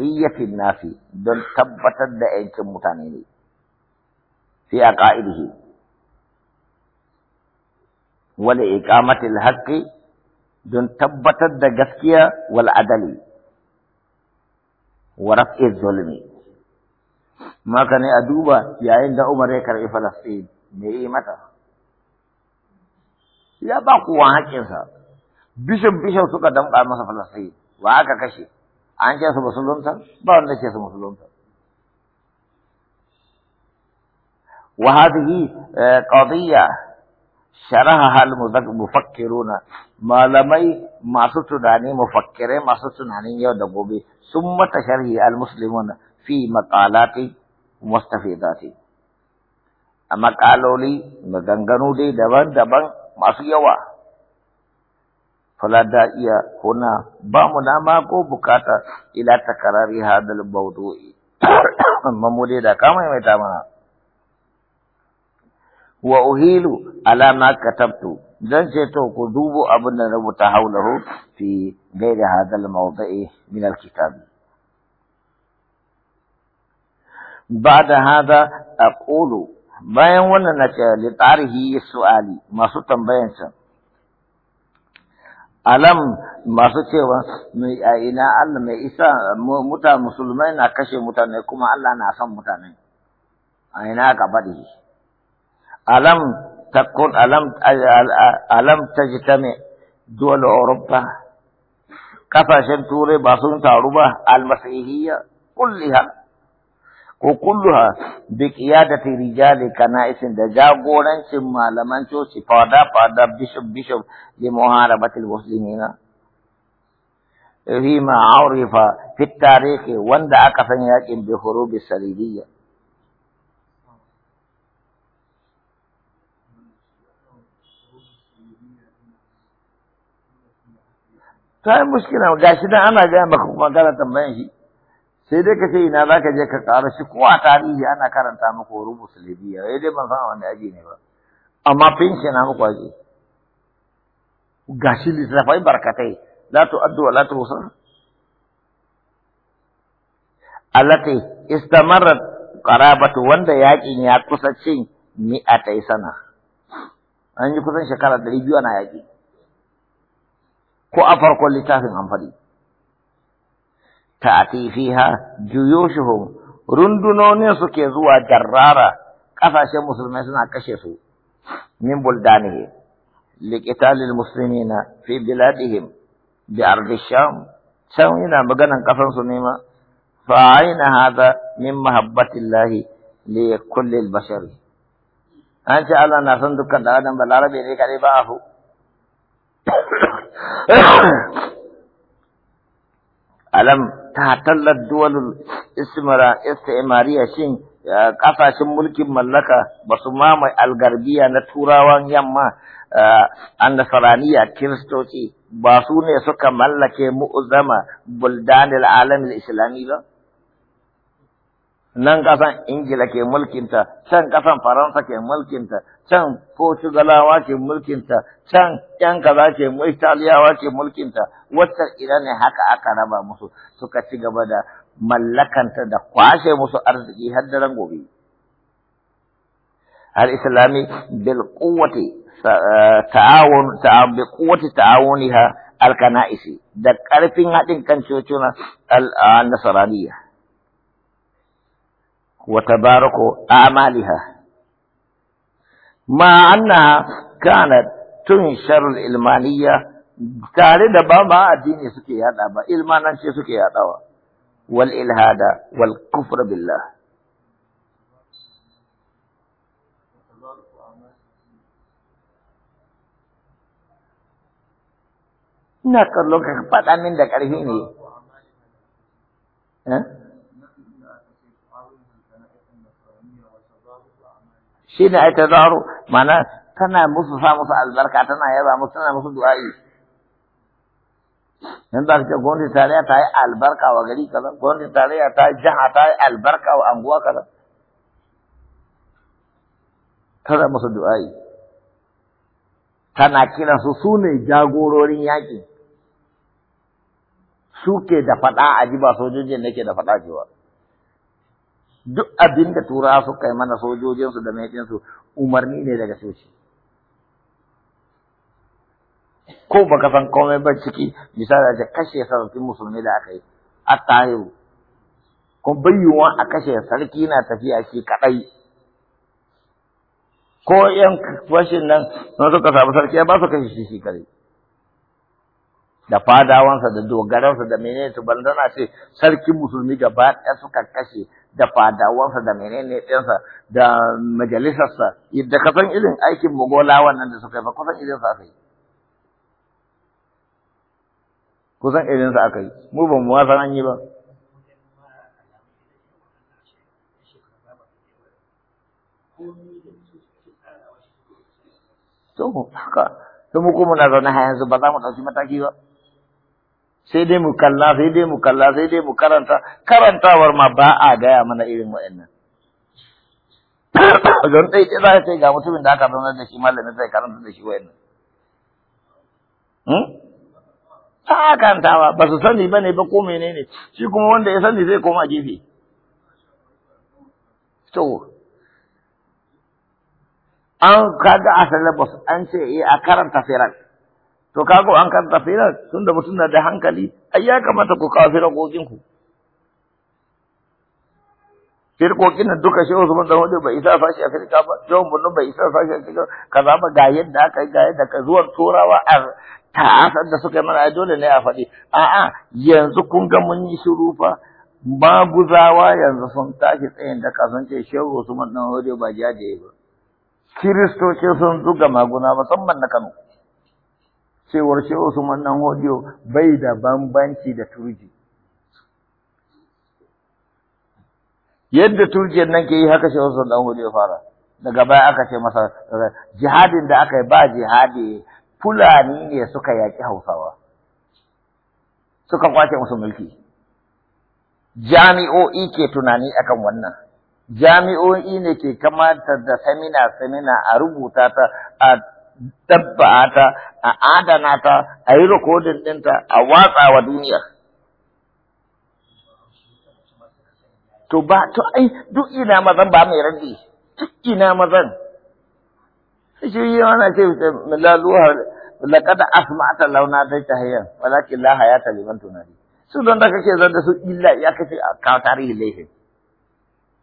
الفرضيه في الناس دون ثبت الدين كمتانين في عقائده ولإقامة الحق دون ثبت الدقسكية والعدل ورفع الظلم ما كان أدوبا يا عند عمر يكر فلسطين نئي متى لا باقوا هكذا بشم بشم سوكا دمقا مصر فلسطين وهكا كشف an ce su musulunta ba wanda ce su musulunta wa hadhihi qadiyya sharaha al mufakkiruna malamai masu tunani mufakkirai masu tunanin yau da gobe sun mata sharhi al muslimuna fi maqalati mustafidati a makaloli maganganu dai daban-daban masu yawa da iya ko na ba mu dama ko bukata ila takarari hadal bawdu'i amma mu da kama mai ta mana wa uhilu ala ma katabtu dan ce to ku dubo abin da rubuta haulahu fi gairi hadal mawdu'i min alkitab ba'da hadha aqulu bayan wannan na ce li tarihi su'ali masu tambayan alam masu cewa mai a ina Allah mai isa muta musulmai na kashe mutane kuma Allah na son mutane a ina ka faɗi alam takun alam alam tajtami duwal Europa kasashen turai ba sun taru ba almasihiyya kulliha وكلها بقيادة رجال كنائس دجاغورا ثم لمن توسي فادا فادا بشب بشب لمحاربة المسلمين فيما عرف في التاريخ واندعى كفنياك بحروب السليبية ta طيب مشكلة muskila ga shi dan ana gaya maka sai dai ka ce ina za ka je ka ƙara shi ko a tarihi ana karanta muku rubu salibiya ya dai ban san wanda aji ne ba amma finshi na muku aji gashi littafai barkatai la tu'addu wa la tuhsa allati istamarrat qarabatu wanda yaqin ya kusa cin mi'atai sana an yi kusan shekara ɗari biyu ana yaƙi ko a farkon littafin an faɗi تأتي فيها جيوشهم رندنون سكي جرارا جرارة قفش مسلمين سنة كشفوا من بلدانه لقتال المسلمين في بلادهم بأرض الشام سوينا مغانا قفن سنيما فعين هذا من محبة الله لكل البشر أن شاء الله na دكا dukkan da adam ba ألم تحتل الدول istimariya shin kasashen mulkin mallaka ba su mamaye algarbiya na turawan yamma Nasaraniya kiristoci ba su ne suka mallake mu'uzama buldanil alamil islami ba nan ƙasan Ingila ke mulkinta, can ƙasan Faransa ke mulkinta, can Portugalawa ke mulkinta, can ‘yan kaza ke Italiyawa ke mulkinta, wata Idan ne haka aka raba musu suka ci gaba da mallakanta da kwashe musu arziki har da ran gobe. Har Islami bil kuwati eh, ta'awun bi kuwati ta'awuniha al-kana'isi da ƙarfin haɗin kan cocina al-nasaraniya. Eh, وتبارك أعمالها مع أنها كانت تنشر الإلمانية تارد بابا الدين سكي هذا با إلمانا سكي هذا والإلهاد والكفر بالله Ina kallon ka faɗa min da ƙarfi Eh? shi ne ai tazaro mana tana musu sa musu albarka tana yaba musu tana musu du'a'i nan da ke gwamnati tarayya ta yi albarka wa gari kaza gwamnati tarayya ta yi jaha ta yi albarka wa anguwa kaza tana musu du'a'i tana kira su su ne jagororin yaƙi suke da faɗa a ji ba sojojin nake da faɗa ba. duk abin da turawa suka yi mana sojojinsu da maitinsu umarni ne daga soci ko baka san komai ba ciki misali da kashe sarki musulmi da aka yi a attahiru ko bayyuwa a kashe sarki na tafiya shi kaɗai ko yan fashin nan sun suka samu sarki ba su kashe shi shi kadai da fadawansa da dogaransa da menene su zana ce sarki musulmi gaba ɗaya suka kashe da fadawansa da menene ɗinsa da majalisarsa da kasan irin aikin mugola wannan da suka yi ba kusan irin sa aka yi kusan irin sa aka yi mu ba mu wasan an yi ba to haka to mu kuma na zaune yanzu ba za mu ɗauki mataki ba sai dai mu kalla sai dai mu kalla sai dai mu karanta karantawar ma ba a gaya mana irin wa'annan don dai dai za ta ga mutumin da aka zauna da shi malamin zai karanta da shi wa'annan hmm ta karantawa ba su sani ba ne ba ko menene shi kuma wanda ya sani zai koma gefe to an kaga a syllabus an ce eh a karanta firar to kago an kan tafira tun da mutum da hankali ai ya kamata ku kawo gogin ku firkokin nan duka shehu Usman dan Hudu bai isa fashi a firka ba John Bunu bai isa fashi a firka kaza ba ga yadda aka yi ga yadda ka zuwar turawa a ta'asar da suka yi mana dole ne a faɗi a'a yanzu kun ga mun yi shiru fa maguzawa yanzu sun tashi tsayin da kasan ce shehu Usman dan Hudu ba jaje ba kiristocin sun zuga maguna musamman na Kano cewar shi Usman dan Hodiyo bai da bambanci da turji yadda turjiyar nan ke yi haka shi Usman dan Hodiyo fara daga baya aka ce masa jihadin da aka yi ba jihadi Fulani ne suka yaƙi Hausawa suka kwace musu mulki jami'o'i ke tunani akan wannan jami'o'i ne ke kamata da samina samina a rubuta ta a dabba ta a adana ta a yi rikodin ɗinta a watsa wa duniya to ba to ai duk ina mazan ba mai rabi, duk ina mazan shi yi wani ce laluwar laƙada asma'ata launa ta tahiyar walakin la ya liman tunani su don da kake zan da su illa ya kace a kawo tarihi laifin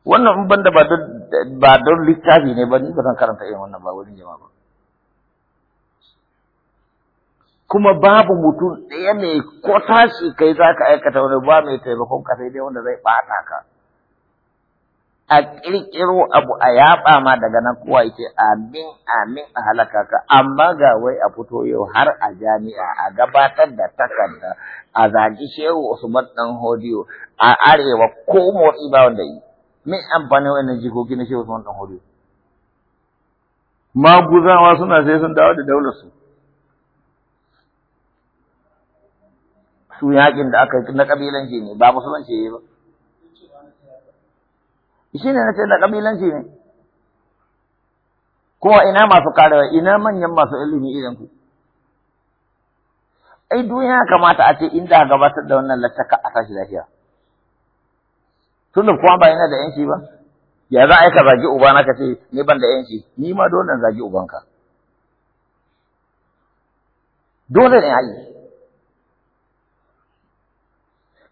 wannan ban da ba don littafi ne ba ni ba zan karanta yin wannan ba wurin jama'a ba kuma babu mutum ɗaya mai ko tashi kai za ka aikata wani ba mai taimakon ka sai dai wanda zai ɓata ka a ƙirƙiro abu a yaɓa ma daga nan kowa yake amin amin a halaka ka amma ga wai a fito yau har a jami'a a gabatar da takarda a zagi shehu usman ɗan hodiyo a arewa ko motsi ba wanda yi min amfani wannan jikoki na shehu usman ɗan hodiyo maguzawa suna sai sun dawo da daular su su yakin da aka na kabilanci ne ba musulunci ne ba shi ne na ce na kabilanci ne kuma ina masu karewa ina manyan masu ilimi idan ku ai duniya kamata a ce inda gabatar da wannan lattaka a tashi lafiya tunda kuma ba yana da yanci ba ya za a yi ka zagi ubana ka ce ni ban da yanci ni ma dole zagi ubanka dole ne a yi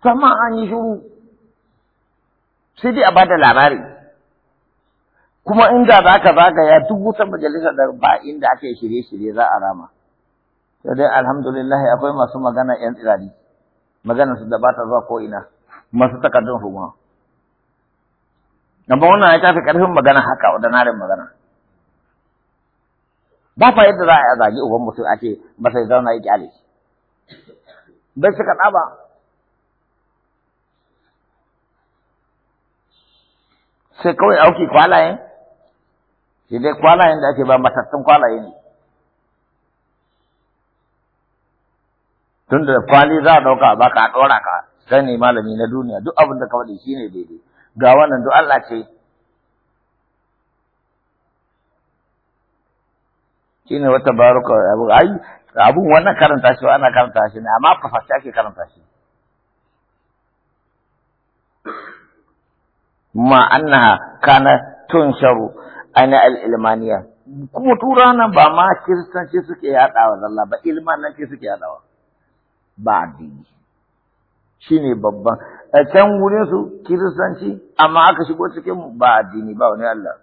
kama an yi shuru sai dai a ba da labari kuma inda za ka zagaya duk wutar majalisa da ba inda ake shirye-shirye za a rama sai dai alhamdulillah akwai masu magana yan tsirari magana su da ba ta zuwa ko ina masu takardun hukuma amma wannan ya tafi karfin magana haka ordinarin magana ba fa yadda za a zagi uban mutum ake masa ya zauna ya kyale bai suka tsaba sai kawai auki kwalayen shi dai kwalayen da ake ba matattun kwalaye ne tunda kwali za a ɗauka ba ka a ɗora ka sai ne malami na duniya duk abin da ka faɗi shi ne daidai ga wannan duk Allah ce shi ne wata baruka abun wannan karanta shi ana karanta shi ne amma fasashe ake karanta shi ma annaha kana tunsharu ana al-ilmaniya kuma tura nan ba ma kiristanci suke yaɗawa zalla ba ilmananci suke yaɗawa ba addini shine babban a can wurin su kiristanci amma aka shigo cikin ba addini ba wani Allah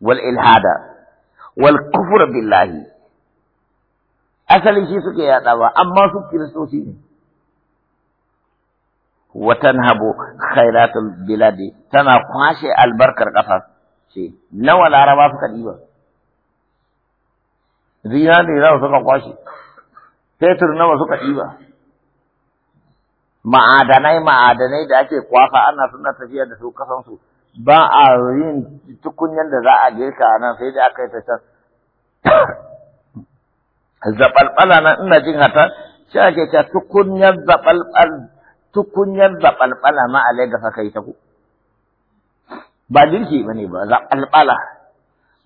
wal ilhada wal kufur billahi asali shi suke yaɗawa amma su kiristoci ne Watan Habu khairatul biladi tana kwashe albarkar ƙasa ce nawa laraba suka ɗiba ne nawa suka kwashe fetur nawa suka ɗiba ma'adanai ma'adanai da ake kwafa ana suna tafiya da su kasansu ba a yin tukunyan da za a girka a nan sai da aka yi ta can zaɓalɓala na ina jin hata shi ake ta tukunyar zaɓalɓal tukunyar zaɓalɓala ma a Legas aka yi ta ku. Ba girki ba ne ba, zaɓalɓala.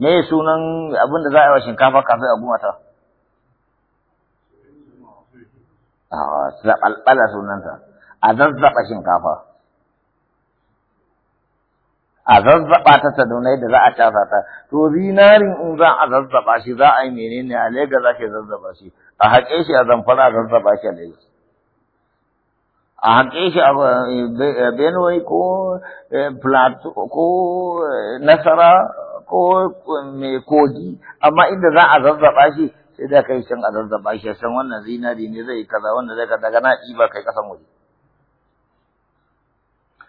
Me sunan abin da za a yi wa shinkafa kafin a gumata? Ah, zaɓalɓala sunanta, a zazzaɓa shinkafa. A zazzaɓa ta sadonai da za a casa ta, to zinarin in za a zazzaɓa shi za a yi menene a za ke zazzaɓa shi, a haƙe shi a zamfara a zazzaɓa shi a lega a haƙe a eh, eh, benue ko eh, plateau ko nasara ko kogi amma inda za a zazzaba shi sai da kai can a zazzaba shi san wannan zinari ne zai kaza wanda zai kaza daga na ɗiba kai ƙasan waje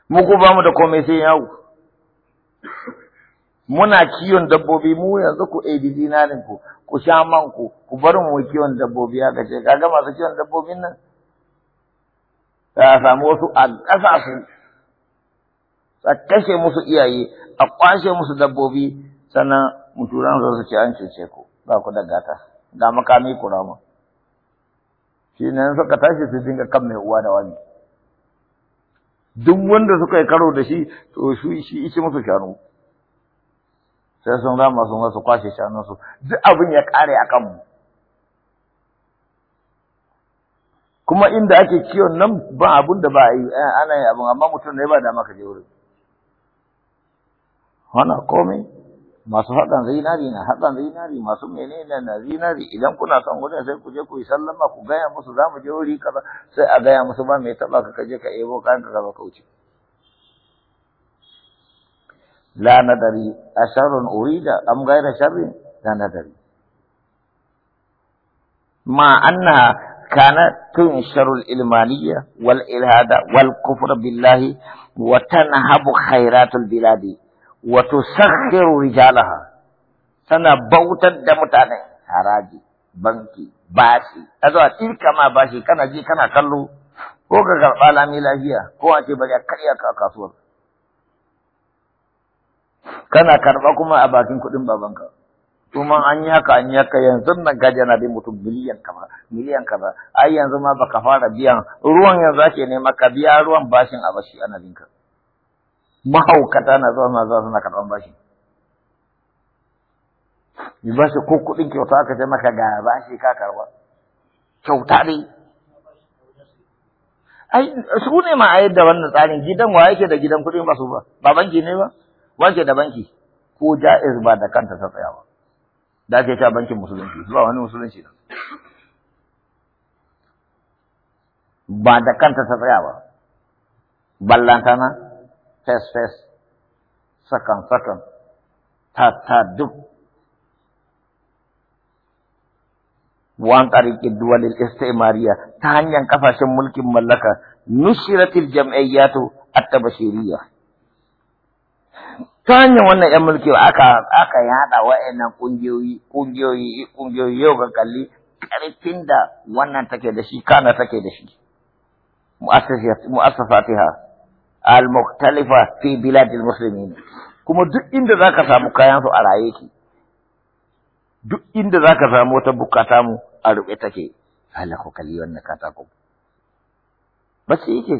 mu ko ba mu da komai sai yawo muna kiwon dabbobi mu yanzu ku ɗebi na ku ku sha man ku ku bar mu kiwon dabbobi haka ce kaga masu kiwon dabbobin nan ta samu wasu a gasa su a kashe musu iyaye a kwashe musu dabbobi sannan mutunan su su ce an cece ku ba ku da gata ga makami ku rama shi ne suka tashi su dinga kan mai uwa da wani duk wanda suka yi karo da shi to shi shi ishi musu shanu sai sun rama sun wasu kwashe shanunsu duk abin ya kare a kanmu kuma inda ake kiwon nan ba abun da ba a yi eh, ana yi abun amma mutum ne ba da ka je wurin wana komai masu haɗan zinari na haɗan zinari masu menene na zinari idan kuna son wajen, sai ku je ku yi sallama ku gaya musu za mu je wuri kaza sai a gaya musu ba mai taɓa ka kaje ka ebo kayan ka gaba kauce la nadari asharun urida am gaira sharri la nadari ma anna كانت تنشر الإلمانية والإلهاد والكفر بالله وتنهب خيرات البلاد وتسخر رجالها سنة بوتا دمتاني حراجي بنكي باسي أدوى تلك ما باسي كان جي كان كلو كوكا ka karɓa lami كواتي بجا كريا كاكاسور كان a karya ka kasuwar kuma an yi haka an yi haka yanzu nan gaji yana bin mutum miliyan kaza miliyan kaza ai yanzu ma baka fara biyan ruwan yanzu ake nema ka biya ruwan bashin a bashi ana binka mahaukata na zuwa na zuwa suna karɓan bashi mi bashi ko kuɗin kyauta aka ce maka ga bashi ka karɓa kyauta dai ai su ne ma a da wannan tsarin gidan wa yake da gidan kuɗin ba su ba ba banki ne ba wanke da banki ko ja'iz ba da kanta ta tsaya ba da ake ta bankin musulunci ba wani musulunci da ba da kanta ta tsaya ba ballantana face face sakan sakan ta ta duk wan tariqi duwalil istimariya ta hanyar kafashin mulkin mallaka nushiratil jam'iyyatu at-tabashiriyya ta hanyar wannan yan mulki aka aka yada wa'annan kungiyoyi kungiyoyi kungiyoyi yau ga kalli karfin da wannan take da shi kana take da shi mu'assasatiha al-mukhtalifa fi biladil muslimin kuma duk inda zaka samu kayan su a raye ki duk inda zaka samu wata bukata mu a rube take Allah ko kalli wannan katako shi yake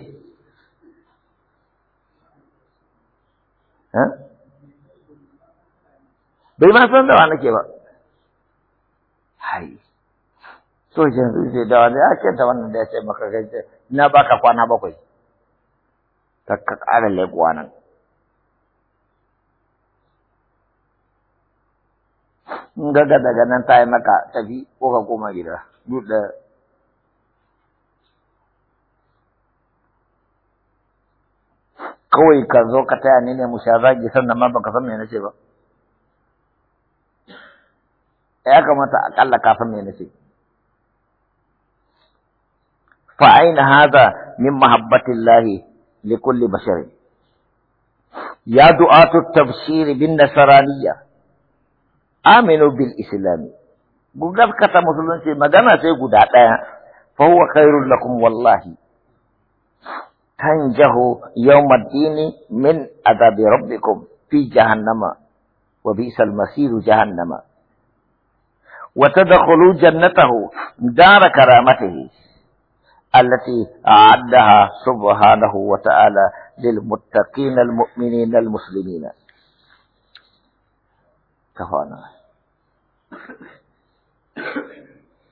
ha. bai ma san dawa nake ba hai so yanzu sai dawa da ake ta wannan da ya ce maka gaje na baka kwana bakwai ka ka ƙara leƙuwa nan in gaga daga nan ta yi maka tafi ko ka koma gida duk da kawai ka zo ka taya ni ne mu sha zagi sannan ma baka san me nace ba ya kamata akalla ka san me nace fa aina hada min mahabbatillahi likulli bashar ya du'atu tafsir bin nasraniyya aminu bil islam gugar kata musulunci magana sai guda daya fa huwa khairul lakum wallahi tanjahu yawmaddini min adabi rabbikum fi jahannama wa bi'sal masiru jahannama وتدخلوا جنته دار كرامته التي أعدها سبحانه وتعالى للمتقين المؤمنين المسلمين كفانا